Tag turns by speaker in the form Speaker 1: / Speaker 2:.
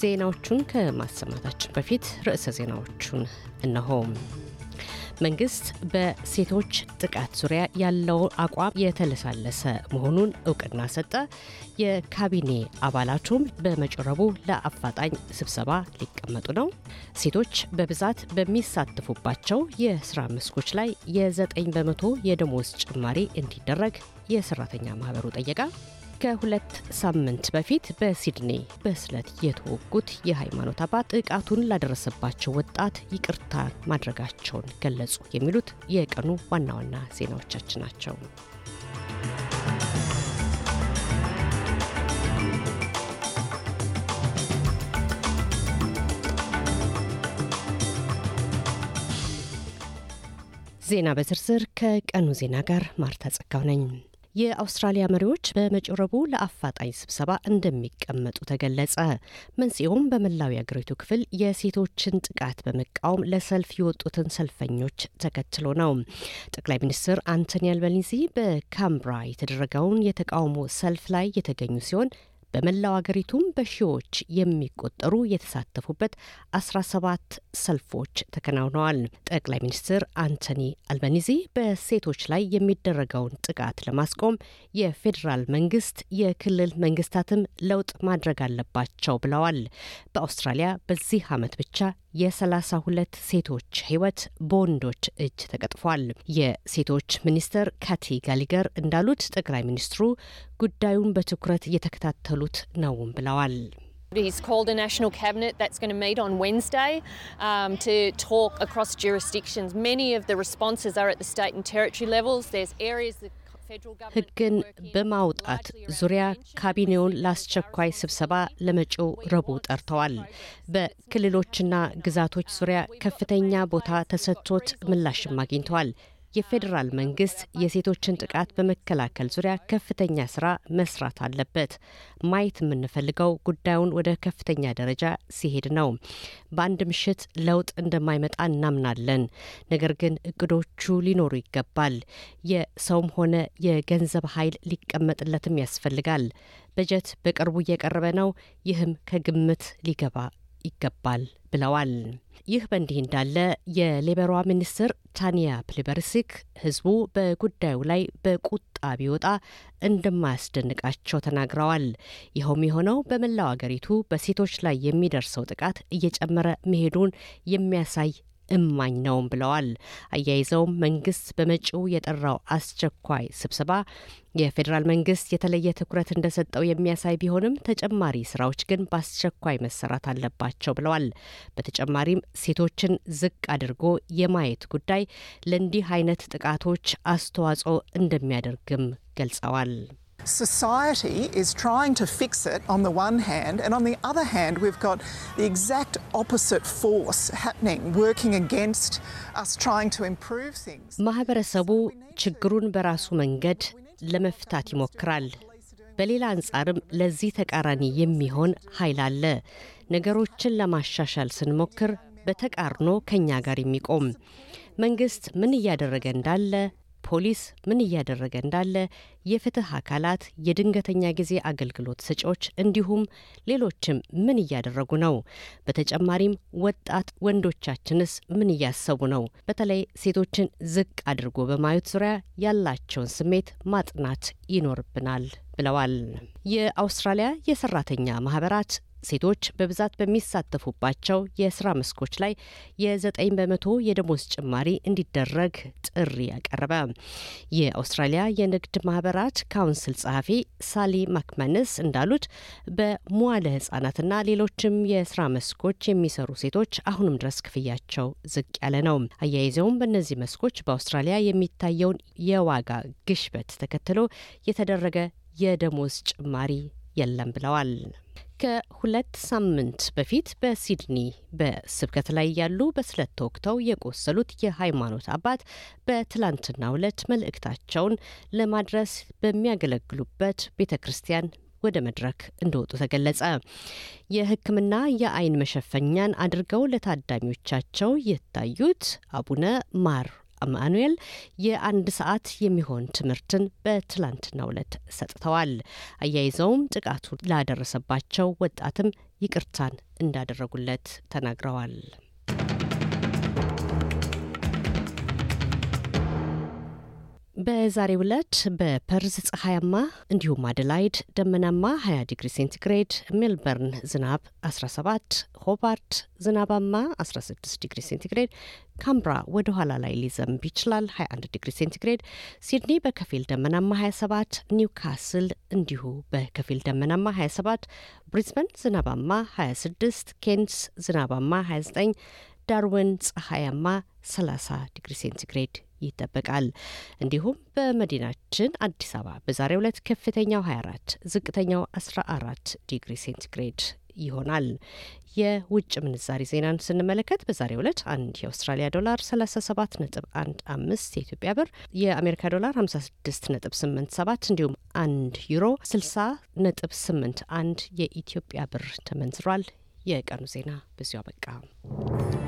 Speaker 1: ዜናዎቹን ከማሰማታችን በፊት ርዕሰ ዜናዎቹን እነሆ። መንግስት በሴቶች ጥቃት ዙሪያ ያለው አቋም የተለሳለሰ መሆኑን እውቅና ሰጠ። የካቢኔ አባላቱም በመጭረቡ ለአፋጣኝ ስብሰባ ሊቀመጡ ነው። ሴቶች በብዛት በሚሳተፉባቸው የስራ መስኮች ላይ የዘጠኝ በመቶ የደሞዝ ጭማሪ እንዲደረግ የሰራተኛ ማህበሩ ጠየቀ። ከሁለት ሳምንት በፊት በሲድኒ በስለት የተወጉት የሃይማኖት አባት ጥቃቱን ላደረሰባቸው ወጣት ይቅርታ ማድረጋቸውን ገለጹ። የሚሉት የቀኑ ዋና ዋና ዜናዎቻችን ናቸው። ዜና በዝርዝር ከቀኑ ዜና ጋር ማርታ ጸጋው ነኝ። የአውስትራሊያ መሪዎች በመጪው ረቡዕ ለአፋጣኝ ስብሰባ እንደሚቀመጡ ተገለጸ። መንስኤውም በመላው የአገሪቱ ክፍል የሴቶችን ጥቃት በመቃወም ለሰልፍ የወጡትን ሰልፈኞች ተከትሎ ነው። ጠቅላይ ሚኒስትር አንቶኒ አልበኒዚ በካምብራ የተደረገውን የተቃውሞ ሰልፍ ላይ የተገኙ ሲሆን በመላው አገሪቱም በሺዎች የሚቆጠሩ የተሳተፉበት 17 ሰልፎች ተከናውነዋል። ጠቅላይ ሚኒስትር አንቶኒ አልበኒዚ በሴቶች ላይ የሚደረገውን ጥቃት ለማስቆም የፌዴራል መንግስት፣ የክልል መንግስታትም ለውጥ ማድረግ አለባቸው ብለዋል። በአውስትራሊያ በዚህ ዓመት ብቻ የሰላሳ ሁለት ሴቶች ህይወት በወንዶች እጅ ተቀጥፏል። የሴቶች ሚኒስትር ካቲ ጋሊገር እንዳሉት ጠቅላይ ሚኒስትሩ ጉዳዩን በትኩረት እየተከታተሉት ነውም ብለዋል። He's called a national cabinet that's going to meet on Wednesday um, to talk across jurisdictions. Many of the responses are at the state and territory levels. There's areas that ሕግን በማውጣት ዙሪያ ካቢኔውን ለአስቸኳይ ስብሰባ ለመጪው ረቡዕ ጠርተዋል። በክልሎችና ግዛቶች ዙሪያ ከፍተኛ ቦታ ተሰጥቶት ምላሽም አግኝተዋል። የፌዴራል መንግስት የሴቶችን ጥቃት በመከላከል ዙሪያ ከፍተኛ ስራ መስራት አለበት። ማየት የምንፈልገው ጉዳዩን ወደ ከፍተኛ ደረጃ ሲሄድ ነው። በአንድ ምሽት ለውጥ እንደማይመጣ እናምናለን። ነገር ግን እቅዶቹ ሊኖሩ ይገባል። የሰውም ሆነ የገንዘብ ኃይል ሊቀመጥለትም ያስፈልጋል። በጀት በቅርቡ እየቀረበ ነው። ይህም ከግምት ሊገባ ይገባል ብለዋል። ይህ በእንዲህ እንዳለ የሌበሯ ሚኒስትር ታንያ ፕሊበርሲክ ህዝቡ በጉዳዩ ላይ በቁጣ ቢወጣ እንደማያስደንቃቸው ተናግረዋል። ይኸውም የሆነው በመላው አገሪቱ በሴቶች ላይ የሚደርሰው ጥቃት እየጨመረ መሄዱን የሚያሳይ እማኝ ነውም ብለዋል። አያይዘውም መንግስት በመጪው የጠራው አስቸኳይ ስብሰባ የፌዴራል መንግስት የተለየ ትኩረት እንደሰጠው የሚያሳይ ቢሆንም ተጨማሪ ስራዎች ግን በአስቸኳይ መሰራት አለባቸው ብለዋል። በተጨማሪም ሴቶችን ዝቅ አድርጎ የማየት ጉዳይ ለእንዲህ አይነት ጥቃቶች አስተዋጽኦ እንደሚያደርግም ገልጸዋል። society is trying to fix it on the one hand, and on the other hand, we've got the exact opposite force happening, working against us trying to improve things. ማህበረሰቡ ችግሩን በራሱ መንገድ ለመፍታት ይሞክራል። በሌላ አንጻርም ለዚህ ተቃራኒ የሚሆን ኃይል አለ። ነገሮችን ለማሻሻል ስንሞክር በተቃርኖ ከኛ ጋር የሚቆም መንግስት ምን እያደረገ እንዳለ ፖሊስ ምን እያደረገ እንዳለ የፍትህ አካላት፣ የድንገተኛ ጊዜ አገልግሎት ሰጪዎች እንዲሁም ሌሎችም ምን እያደረጉ ነው? በተጨማሪም ወጣት ወንዶቻችንስ ምን እያሰቡ ነው? በተለይ ሴቶችን ዝቅ አድርጎ በማየት ዙሪያ ያላቸውን ስሜት ማጥናት ይኖርብናል ብለዋል። የአውስትራሊያ የሰራተኛ ማህበራት ሴቶች በብዛት በሚሳተፉባቸው የስራ መስኮች ላይ የዘጠኝ በመቶ የደሞዝ ጭማሪ እንዲደረግ ጥሪ ያቀረበ የአውስትራሊያ የንግድ ማህበራት ካውንስል ጸሐፊ ሳሊ ማክማንስ እንዳሉት በሟለ ህጻናትና ሌሎችም የስራ መስኮች የሚሰሩ ሴቶች አሁንም ድረስ ክፍያቸው ዝቅ ያለ ነው። አያይዘውም በእነዚህ መስኮች በአውስትራሊያ የሚታየውን የዋጋ ግሽበት ተከትሎ የተደረገ የደሞዝ ጭማሪ የለም ብለዋል። ከሁለት ሳምንት በፊት በሲድኒ በስብከት ላይ ያሉ በስለት ተወግተው የቆሰሉት የሃይማኖት አባት በትላንትና ዕለት መልእክታቸውን ለማድረስ በሚያገለግሉበት ቤተ ክርስቲያን ወደ መድረክ እንደወጡ ተገለጸ። የሕክምና የአይን መሸፈኛን አድርገው ለታዳሚዎቻቸው የታዩት አቡነ ማር አማኑኤል የአንድ ሰዓት የሚሆን ትምህርትን በትላንትናው ዕለት ሰጥተዋል። አያይዘውም ጥቃቱ ላደረሰባቸው ወጣትም ይቅርታን እንዳደረጉለት ተናግረዋል። በዛሬው ዕለት በፐርዝ ፀሐያማ እንዲሁም አደላይድ ደመናማ 20 ዲግሪ ሴንቲግሬድ፣ ሜልበርን ዝናብ 17፣ ሆባርት ዝናባማ 16 ዲግሪ ሴንቲግሬድ፣ ካምብራ ወደ ኋላ ላይ ሊዘንብ ይችላል 21 ዲግሪ ሴንቲግሬድ፣ ሲድኒ በከፊል ደመናማ 27፣ ኒውካስል እንዲሁ በከፊል ደመናማ 27፣ ብሪዝበን ዝናባማ 26፣ ኬንስ ዝናባማ 29፣ ዳርዊን ፀሐያማ 30 ዲግሪ ሴንቲግሬድ ይጠበቃል። እንዲሁም በመዲናችን አዲስ አበባ በዛሬው ዕለት ከፍተኛው 24፣ ዝቅተኛው 14 ዲግሪ ሴንቲግሬድ ይሆናል። የውጭ ምንዛሪ ዜናን ስንመለከት በዛሬው ዕለት አንድ የአውስትራሊያ ዶላር 37 ነጥብ የኢትዮጵያ ብር፣ የአሜሪካ ዶላር 56 ነጥብ እንዲሁም አንድ ዩሮ 60 ነጥብ 8 የኢትዮጵያ ብር ተመንዝሯል። የቀኑ ዜና በዚሁ አበቃ።